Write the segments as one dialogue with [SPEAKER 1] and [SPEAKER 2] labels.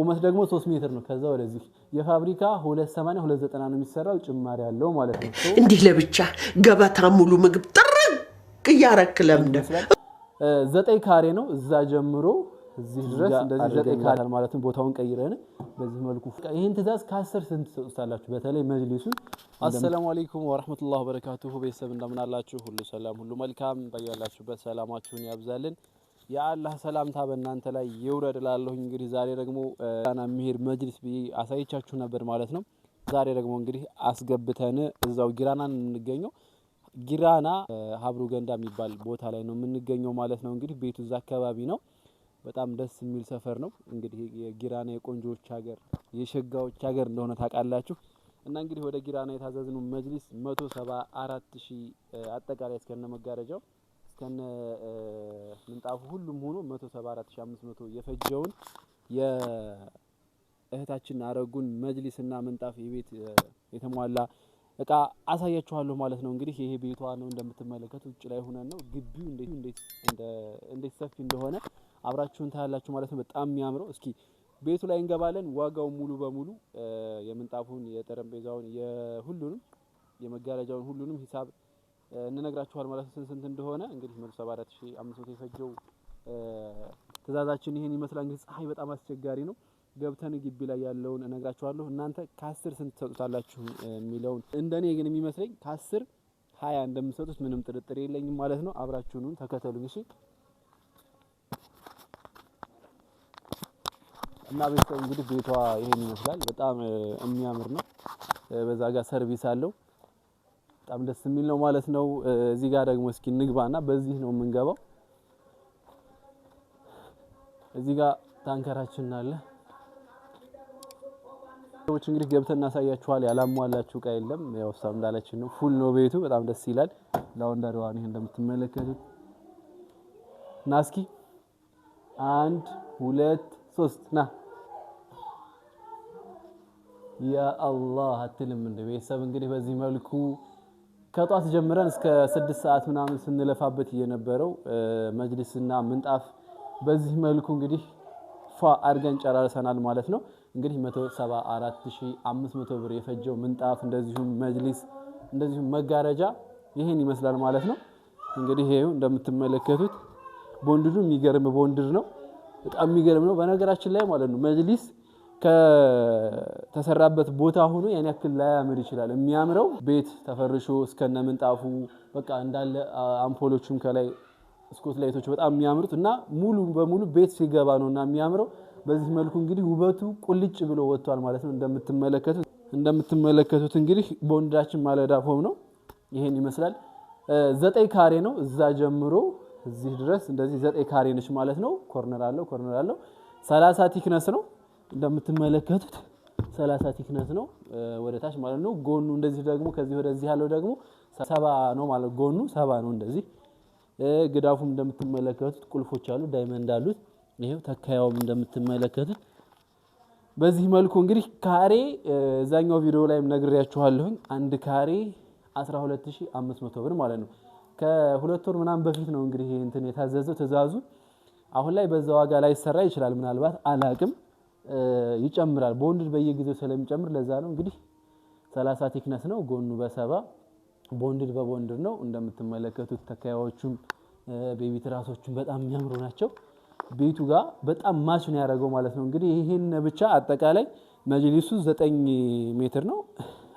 [SPEAKER 1] ቁመት ደግሞ ሶስት ሜትር ነው። ከዛ ወደዚህ የፋብሪካ 280 290 ነው የሚሰራው ጭማሪ ያለው ማለት ነው። እንዲህ ለብቻ ገበታ ሙሉ ምግብ ጥርቅ እያረክ ለምደ ዘጠኝ ካሬ ነው እዛ ጀምሮ እዚህ ድረስ እንደዚህ ዘጠኝ ካሬ ማለትም ቦታውን ቀይረን በዚህ መልኩ ይህን ትእዛዝ ከአስር ስንት ትሰጡታላችሁ? በተለይ መጅሊሱን። አሰላሙ አሌይኩም ወረህመቱላህ በረካቱሁ። ቤተሰብ እንደምናላችሁ ሁሉ ሰላም ሁሉ መልካም፣ በያላችሁበት ሰላማችሁን ያብዛልን። የአላህ ሰላምታ በእናንተ ላይ ይውረድ እላለሁኝ። እንግዲህ ዛሬ ደግሞ ና የሚሄድ መጅሊስ ብዬ አሳይቻችሁ ነበር ማለት ነው። ዛሬ ደግሞ እንግዲህ አስገብተን እዛው ጊራና የምንገኘው ጊራና ሀብሩ ገንዳ የሚባል ቦታ ላይ ነው የምንገኘው ማለት ነው። እንግዲህ ቤቱ እዛ አካባቢ ነው። በጣም ደስ የሚል ሰፈር ነው። እንግዲህ የጊራና የቆንጆዎች ሀገር የሸጋዎች ሀገር እንደሆነ ታውቃላችሁ። እና እንግዲህ ወደ ጊራና የታዘዝኑ መጅሊስ መቶ ሰባ አራት ሺህ አጠቃላይ እስከነ መጋረጃው ከነ ምንጣፉ ሁሉም ሆኖ 174500 የፈጀውን የእህታችን አረጉን መጅሊስና ምንጣፍ የቤት የተሟላ እቃ አሳያችኋለሁ ማለት ነው። እንግዲህ ይሄ ቤቷ ነው እንደምትመለከቱ፣ ውጭ ላይ ሆነን ነው ግቢው እንዴት እንዴት ሰፊ እንደሆነ አብራችሁን ታያላችሁ ማለት ነው። በጣም የሚያምረው። እስኪ ቤቱ ላይ እንገባለን። ዋጋው ሙሉ በሙሉ የምንጣፉን፣ የጠረጴዛውን፣ የሁሉንም የመጋረጃውን ሁሉንም ሂሳብ እንነግራችኋል ማለት ስንት ስንት እንደሆነ እንግዲህ 174500 የፈጀው ትእዛዛችን ይሄን ይመስላል። እንግዲህ ፀሐይ በጣም አስቸጋሪ ነው። ገብተን ግቢ ላይ ያለውን እነግራችኋለሁ። እናንተ ከአስር ስንት ትሰጡታላችሁ የሚለውን እንደኔ ግን የሚመስለኝ ከአስር ሀያ እንደምትሰጡት ምንም ጥርጥር የለኝም ማለት ነው። አብራችሁኑን ተከተሉኝ እሺ። እና ቤተሰብ እንግዲህ ቤቷ ይሄን ይመስላል። በጣም የሚያምር ነው። በዛ ጋር ሰርቪስ አለው። በጣም ደስ የሚል ነው ማለት ነው። እዚህ ጋር ደግሞ እስኪ ንግባና በዚህ ነው የምንገባው። እዚህ ጋር ታንከራችን አለ። ሰዎች እንግዲህ ገብተን እናሳያችኋል። ያላሟላችሁ እቃ የለም። ያው እሷ እንዳለችን ነው ፉል ነው ቤቱ። በጣም ደስ ይላል። ላውንደሪዋ ነው እንደምትመለከቱት። ና እስኪ አንድ ሁለት ሶስት ና ያ አላህ አትልም እንደ ቤተሰብ እንግዲህ በዚህ መልኩ ከጧት ጀምረን እስከ ስድስት ሰዓት ምናምን ስንለፋበት እየነበረው መጅሊስና ምንጣፍ በዚህ መልኩ እንግዲህ ፏ አድርገን ጨራርሰናል ማለት ነው። እንግዲህ 174500 ብር የፈጀው ምንጣፍ እንደዚሁም መጅሊስ እንደዚሁም መጋረጃ ይህን ይመስላል ማለት ነው። እንግዲህ ይሄው እንደምትመለከቱት ቦንድዱ የሚገርም ቦንድድ ነው። በጣም የሚገርም ነው። በነገራችን ላይ ማለት ነው መጅሊስ ከተሰራበት ቦታ ሆኖ ያን ያክል ላያምር ይችላል። የሚያምረው ቤት ተፈርሾ እስከነ ምንጣፉ በቃ እንዳለ አምፖሎቹም ከላይ ስኮት ላይቶች በጣም የሚያምሩት እና ሙሉ በሙሉ ቤት ሲገባ ነው እና የሚያምረው። በዚህ መልኩ እንግዲህ ውበቱ ቁልጭ ብሎ ወጥቷል ማለት ነው። እንደምትመለከቱት እንደምትመለከቱት እንግዲህ በወንዳችን ማለዳ ፎም ነው ይሄን ይመስላል። ዘጠኝ ካሬ ነው እዛ ጀምሮ እዚህ ድረስ እንደዚህ ዘጠኝ ካሬ ነች ማለት ነው። ኮርነር አለው ኮርነር አለው። ሰላሳ ቲክነስ ነው እንደምትመለከቱት ሰላሳ ቲክነት ነው ወደ ታች ማለት ነው። ጎኑ እንደዚህ ደግሞ ከዚህ ወደዚህ ያለው ደግሞ ሰባ ነው ማለት ጎኑ ሰባ ነው። እንደዚህ ግዳፉም እንደምትመለከቱት ቁልፎች አሉት፣ ዳይመንድ አሉት። ይሄው ተካያውም እንደምትመለከቱት በዚህ መልኩ እንግዲህ ካሬ እዛኛው ቪዲዮ ላይም ነግሬያችኋለሁኝ። አንድ ካሬ 12500 ብር ማለት ነው። ከሁለት ወር ምናምን በፊት ነው እንግዲህ እንትን የታዘዘው ትእዛዙ። አሁን ላይ በዛ ዋጋ ላይ ሰራ ይችላል ምናልባት አላቅም። ይጨምራል። ቦንድ በየጊዜው ስለሚጨምር ለዛ ነው እንግዲህ 30 ቲክነስ ነው፣ ጎኑ በሰባ ቦንድድ በቦንድድ ነው እንደምትመለከቱት። ተካያዎቹም ቤቢ ትራሶቹም በጣም የሚያምሩ ናቸው። ቤቱ ጋር በጣም ማች ነው ያደረገው ማለት ነው። እንግዲህ ይህን ብቻ አጠቃላይ መጅሊሱ 9 ሜትር ነው።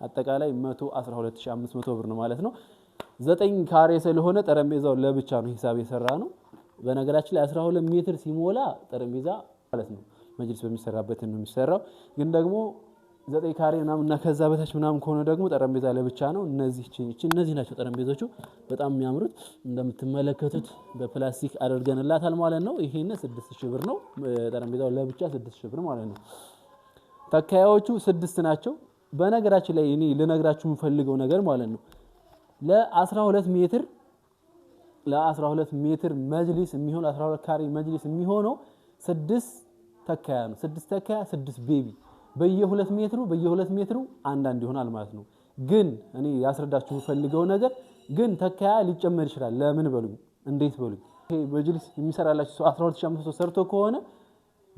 [SPEAKER 1] አጠቃላይ 112500 ብር ነው ማለት ነው። 9 ካሬ ስለሆነ ጠረጴዛው ለብቻ ነው ሂሳብ የሰራ ነው። በነገራችን ላይ 12 ሜትር ሲሞላ ጠረጴዛ ማለት ነው መጅልስ በሚሰራበት ነው የሚሰራው። ግን ደግሞ ዘጠኝ ካሬ ምናምን እና ከዛ በታች ምናምን ከሆነ ደግሞ ጠረጴዛ ለብቻ ነው። እነዚህ ናቸው ጠረጴዛዎቹ በጣም የሚያምሩት እንደምትመለከቱት በፕላስቲክ አድርገንላታል ማለት ነው። ይሄን ስድስት ሺህ ብር ነው ጠረጴዛው ለብቻ ስድስት ሺህ ብር ማለት ነው። ተካያዎቹ ስድስት ናቸው። በነገራችን ላይ እኔ ልነግራችሁ የምፈልገው ነገር ማለት ነው ለ12 ሜትር ለ12 ሜትር መጅሊስ የሚሆን 12 ካሬ መጅሊስ የሚሆነው ስድስት ተካያ ነው። ስድስት ተካያ ስድስት ቤቢ በየሁለት ሜትሩ በየሁለት ሜትሩ አንዳንድ ይሆናል ማለት ነው። ግን እኔ ያስረዳችሁ የምፈልገው ነገር ግን ተካያ ሊጨመር ይችላል። ለምን በሉኝ፣ እንዴት በሉኝ። በጅልስ የሚሰራላችሁ ሰው 12500 ሰርቶ ከሆነ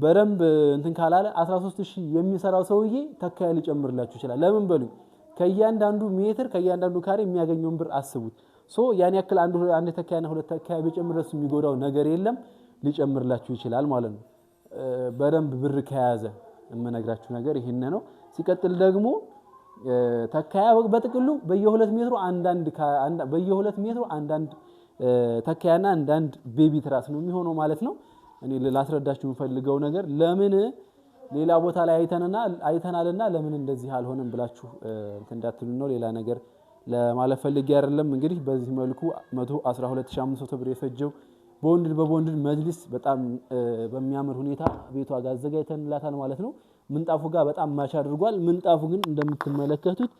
[SPEAKER 1] በደንብ እንትን ካላለ 13000 የሚሰራው ሰውዬ ተካያ ሊጨምርላችሁ ይችላል። ለምን በሉኝ፣ ከእያንዳንዱ ሜትር ከእያንዳንዱ ካሬ የሚያገኘውን ብር አስቡት። ሶ ያን ያክል አንድ ተካያና ሁለት ተካያ ቢጨምር የሚጎዳው ነገር የለም። ሊጨምርላችሁ ይችላል ማለት ነው። በደንብ ብር ከያዘ የምነግራችሁ ነገር ይሄን ነው። ሲቀጥል ደግሞ ተካያ በጥቅሉ በየሁለት ሜትሩ አንዳንድ በየሁለት ሜትሩ አንዳንድ ተካያና አንዳንድ ቤቢ ትራስ ነው የሚሆነው ማለት ነው። እኔ ላስረዳችሁ የምፈልገው ነገር ለምን ሌላ ቦታ ላይ አይተናልና ለምን እንደዚህ አልሆነም ብላችሁ እንትን እንዳትሉ ነው። ሌላ ነገር ለማለት ፈልጌ አይደለም። እንግዲህ በዚህ መልኩ 112500 ብር የፈጀው በወንድን በቦንድን መጅሊስ በጣም በሚያምር ሁኔታ ቤቷ ጋር አዘጋጅተንላታል ማለት ነው። ምንጣፉ ጋር በጣም ማች አድርጓል። ምንጣፉ ግን እንደምትመለከቱት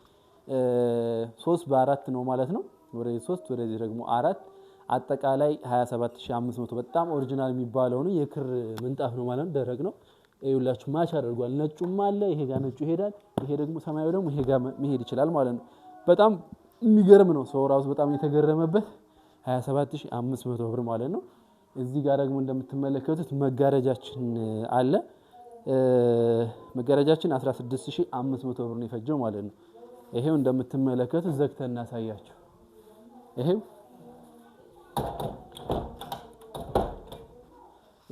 [SPEAKER 1] ሶስት በአራት ነው ማለት ነው። ወደዚህ ሶስት ወደዚህ ደግሞ አራት አጠቃላይ 27500 በጣም ኦሪጂናል የሚባለው ነው። የክር ምንጣፍ ነው ማለት ነው። ደረቅ ነው። ይኸውላችሁ ማች አድርጓል። ነጩም አለ ይሄ ጋር ነጩ ይሄዳል። ይሄ ደግሞ ሰማያዊ ደግሞ ይሄ ጋር መሄድ ይችላል ማለት ነው። በጣም የሚገርም ነው። ሰው ራሱ በጣም የተገረመበት 27500 ብር ማለት ነው። እዚህ ጋር ደግሞ እንደምትመለከቱት መጋረጃችን አለ። መጋረጃችን 16500 ብር ነው የፈጀው ማለት ነው። ይሄው እንደምትመለከቱት ዘግተን እናሳያችሁ። ይሄው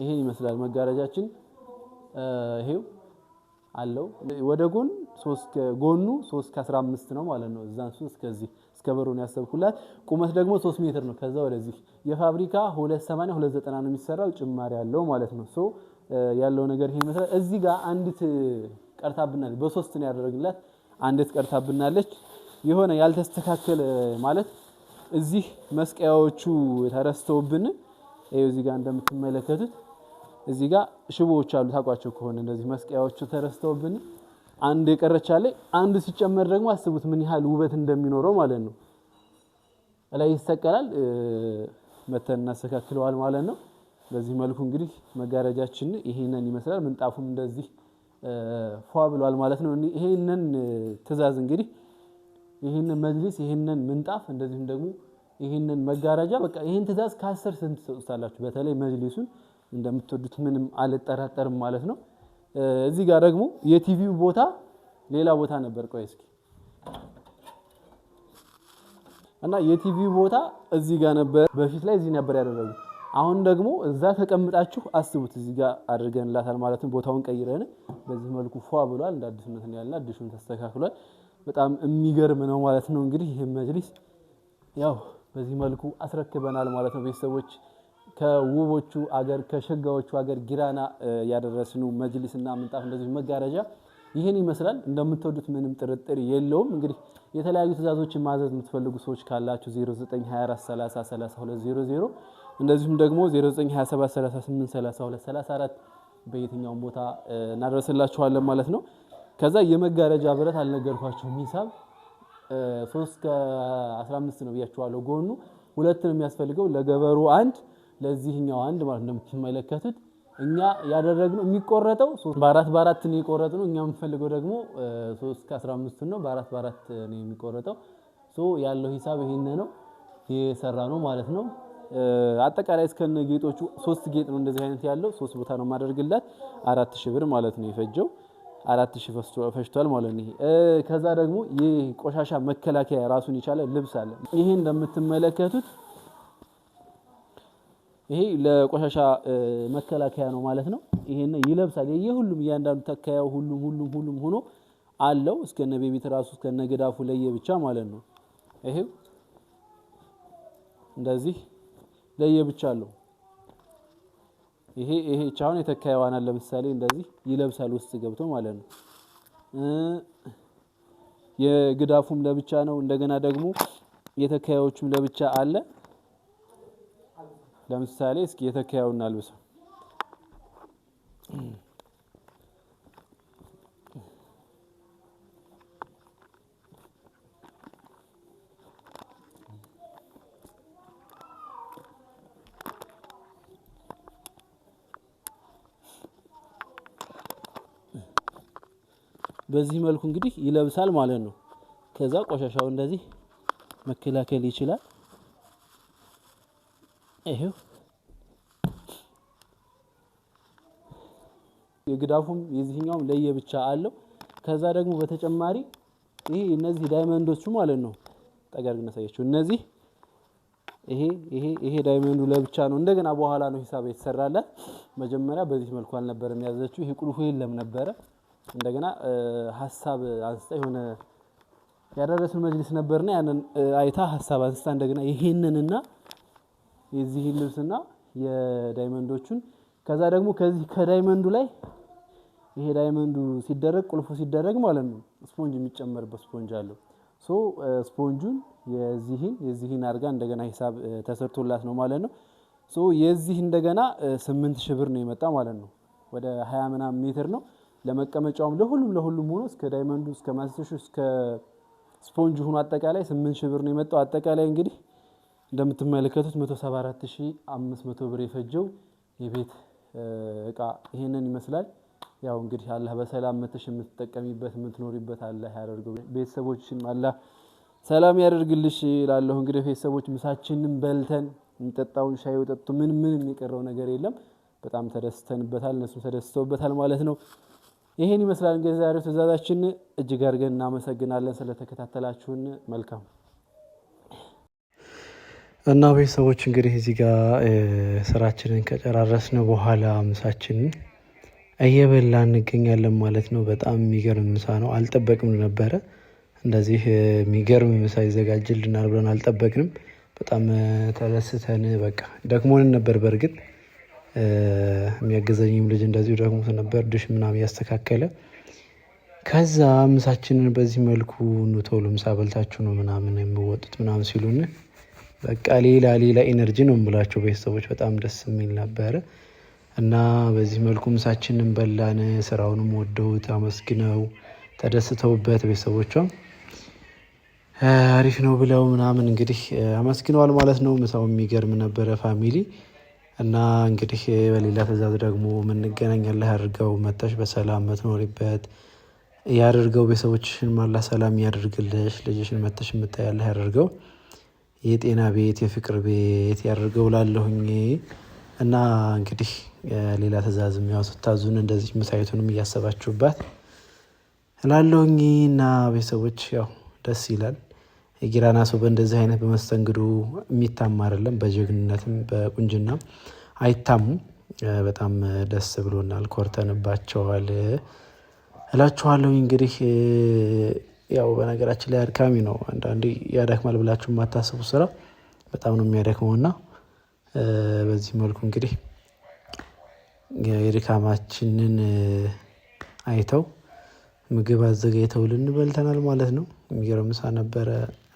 [SPEAKER 1] ይሄን ይመስላል መጋረጃችን። ይሄው አለው ወደ ጎን ሶስት ጎኑ ሶስት ከአስራ አምስት ነው ማለት ነው። እዛን ሶስት ከዚህ እስከ በሩን ያሰብኩላት ቁመት ደግሞ ሶስት ሜትር ነው። ከዛ ወደዚህ የፋብሪካ ሁለት ሰማንያ ሁለት ዘጠና ነው የሚሰራው ጭማሪ ያለው ማለት ነው። ሶ ያለው ነገር ይሄ መሰለ። እዚህ ጋር አንዲት ቀርታብናለች። በሶስት ነው ያደረግላት። አንዲት ቀርታብናለች። የሆነ ያልተስተካከለ ማለት እዚህ መስቀያዎቹ ተረስተውብን ይኸው እዚህ ጋር እንደምትመለከቱት እዚህ ጋር ሽቦዎች አሉ ታውቋቸው ከሆነ እንደዚህ መስቀያዎቹ ተረስተውብን አንድ የቀረች አለ። አንድ ሲጨመር ደግሞ አስቡት ምን ያህል ውበት እንደሚኖረው ማለት ነው። ላይ ይሰቀላል፣ መተን እናስተካክለዋል ማለት ነው። በዚህ መልኩ እንግዲህ መጋረጃችን ይሄንን ይመስላል። ምንጣፉም እንደዚህ ፏ ብሏል ማለት ነው። ይሄንን ትዕዛዝ እንግዲህ ይሄንን መጅሊስ፣ ይሄንን ምንጣፍ፣ እንደዚሁም ደግሞ ይሄንን መጋረጃ በቃ ይሄን ትዕዛዝ ከአስር ስንት ትሰጡታላችሁ? በተለይ መጅሊሱን እንደምትወዱት ምንም አልጠራጠርም ማለት ነው። እዚህ ጋር ደግሞ የቲቪው ቦታ ሌላ ቦታ ነበር። ቆይ እስኪ እና የቲቪው ቦታ እዚህ ጋር ነበር። በፊት ላይ እዚህ ነበር ያደረጉ አሁን ደግሞ እዛ ተቀምጣችሁ አስቡት። እዚህ ጋር አድርገንላታል ነው። ቦታውን ቀይረን በዚህ መልኩ ፏ ብሏል። እንደ አዲስነት ነው ያለና አዲሱን ተስተካክሏል። በጣም የሚገርም ነው ማለት ነው። እንግዲህ ይህ መጅሊስ ያው በዚህ መልኩ አስረክበናል ማለት ነው ቤተሰቦች ከውቦቹ አገር ከሸጋዎቹ አገር ጊራና ያደረስኑ እና ምንጣፍ እንደዚህ መጋረጃ ይህን ይመስላል። እንደምትወዱት ምንም ጥርጥር የለውም። እንግዲህ የተለያዩ ትዕዛዞችን ማዘዝ የምትፈልጉ ሰዎች ካላችሁ 0924303200 እንደዚሁም ደግሞ 0927383234 በየትኛውም ቦታ እናደረስላችኋለን ማለት ነው። ከዛ የመጋረጃ ብረት አልነገርኳቸውም ሂሳብ 3 ከ15 ነው ብያችኋለሁ። ጎኑ ሁለት ነው የሚያስፈልገው ለገበሩ አንድ ለዚህኛው አንድ ማለት እንደምትመለከቱት እኛ ያደረግነው የሚቆረጠው በአራት በአራት ነው የቆረጥነው። እኛ የምንፈልገው ደግሞ ሶስት ከአስራ አምስቱን ነው በአራት በአራት ነው የሚቆረጠው። ያለው ሂሳብ ይሄን ነው የሰራ ነው ማለት ነው። አጠቃላይ እስከነ ጌጦቹ ሶስት ጌጥ ነው እንደዚህ አይነት ያለው ሶስት ቦታ ነው ማደርግላት አራት ሺህ ብር ማለት ነው የፈጀው አራት ሺህ ፈጅቷል ማለት ነው። ከዛ ደግሞ ቆሻሻ መከላከያ ራሱን የቻለ ልብስ አለ። ይሄ እንደምትመለከቱት ይሄ ለቆሻሻ መከላከያ ነው ማለት ነው። ይሄን ይለብሳል። የሁሉም እያንዳንዱ ተካያው ሁሉም ሁሉም ሁሉም ሆኖ አለው እስከነ ቤቢት ራሱ እስከነ ግዳፉ ለየ ብቻ ማለት ነው። ይሄው እንደዚህ ለየ ብቻ አለው። ይሄ ይሄ ቻውን የተካያዋን ለምሳሌ እንደዚህ ይለብሳል ውስጥ ገብቶ ማለት ነው። የግዳፉም ለብቻ ነው። እንደገና ደግሞ የተካያዎቹም ለብቻ አለ። ለምሳሌ እስኪ የተከያውና ልብሰው በዚህ መልኩ እንግዲህ ይለብሳል ማለት ነው። ከዛ ቆሻሻው እንደዚህ መከላከል ይችላል። ይሄው የግዳፉም የዚህኛውም ለየብቻ አለው። ከዛ ደግሞ በተጨማሪ ይሄ እነዚህ ዳይመንዶቹ ማለት ነው። ጠጋር ግን አሳያችሁ እነዚህ ይሄ ይሄ ይሄ ዳይመንዱ ለብቻ ነው። እንደገና በኋላ ነው ሂሳብ የተሰራላት። መጀመሪያ በዚህ መልኩ አልነበረም ያዘችው። ይሄ ቁልፉ የለም ነበረ። እንደገና ሀሳብ አንስታ የሆነ ያደረስን መጅልስ ነበርና ያንን አይታ ሀሳብ አንስታ እንደገና ይሄንንና የዚህን ልብስና የዳይመንዶቹን ከዛ ደግሞ ከዚህ ከዳይመንዱ ላይ ይሄ ዳይመንዱ ሲደረግ ቁልፉ ሲደረግ ማለት ነው ስፖንጅ የሚጨመርበት ስፖንጅ አለው። ሶ ስፖንጁን የዚህን የዚህን አድርጋ እንደገና ሂሳብ ተሰርቶላት ነው ማለት ነው። ሶ የዚህ እንደገና ስምንት ሺህ ብር ነው የመጣ ማለት ነው። ወደ ሀያ ምናምን ሜትር ነው። ለመቀመጫውም ለሁሉም ለሁሉም ሆኖ እስከ ዳይመንዱ እስከ ማስሽ እስከ ስፖንጅ ሆኖ አጠቃላይ ስምንት ሺህ ብር ነው የመጣው። አጠቃላይ እንግዲህ እንደምትመለከቱት 174500 ብር የፈጀው የቤት እቃ ይሄንን ይመስላል። ያው እንግዲህ አላህ በሰላም መተሽ የምትጠቀሚበት የምትኖሪበት አላህ ያደርገው፣ ቤተሰቦችሽም አላህ ሰላም ያደርግልሽ እላለሁ። እንግዲህ ቤተሰቦች ምሳችንን በልተን የሚጠጣውን ሻይ ወጠጡ ምን ምን የሚቀረው ነገር የለም። በጣም ተደስተንበታል፣ እነሱም ተደስተውበታል ማለት ነው። ይሄን ይመስላል እንግዲህ ዛሬው ትዕዛዛችን። እጅግ አድርገን እናመሰግናለን ስለተከታተላችሁን። መልካም እና ቤተሰቦች እንግዲህ እዚህ ጋር ስራችንን ከጨራረስን በኋላ ምሳችንን እየበላ እንገኛለን ማለት ነው። በጣም የሚገርም ምሳ ነው። አልጠበቅም ነበረ እንደዚህ የሚገርም ምሳ ይዘጋጅልናል ብለን አልጠበቅንም። በጣም ተደስተን በቃ ደክሞንን ነበር። በእርግጥ የሚያገዘኝም ልጅ እንደዚሁ ደክሞት ነበር፣ ድሽ ምናምን ያስተካከለ። ከዛ ምሳችንን በዚህ መልኩ ኑ ቶሎ ምሳ በልታችሁ ነው ምናምን የምወጡት ምናምን ሲሉን በቃ ሌላ ሌላ ኤነርጂ ነው የምላቸው ቤተሰቦች። በጣም ደስ የሚል ነበረ እና በዚህ መልኩ ምሳችንን በላን። ስራውንም ወደውት አመስግነው ተደስተውበት ቤተሰቦቿ አሪፍ ነው ብለው ምናምን እንግዲህ አመስግነዋል ማለት ነው። ምሳው የሚገርም ነበረ ፋሚሊ እና እንግዲህ በሌላ ትዕዛዝ ደግሞ የምንገናኛለህ አድርገው መታሽ በሰላም መትኖሪበት ያደርገው ቤተሰቦችሽን ማላ ሰላም ያደርግልሽ ልጅሽን መተሽ የምታያለህ ያደርገው። የጤና ቤት የፍቅር ቤት ያደርገው ላለሁኝ እና እንግዲህ ሌላ ትእዛዝ ያው ስታዙን እንደዚህ ምሳይቱንም እያሰባችሁባት ላለሁኝ እና ቤተሰቦች ያው ደስ ይላል። የጊራና ሰው በእንደዚህ አይነት በመስተንግዶ የሚታማ አይደለም። በጀግንነትም በቁንጅና አይታሙም። በጣም ደስ ብሎናል፣ ኮርተንባቸዋል እላችኋለሁ እንግዲህ ያው በነገራችን ላይ አድካሚ ነው። አንዳንዴ ያደክማል ብላችሁ የማታስቡ ስራ በጣም ነው የሚያደክመው እና በዚህ መልኩ እንግዲህ የድካማችንን አይተው ምግብ አዘጋጅተው ልንበልተናል ማለት ነው። የሚገርም ምሳ ነበረ።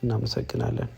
[SPEAKER 1] እናመሰግናለን።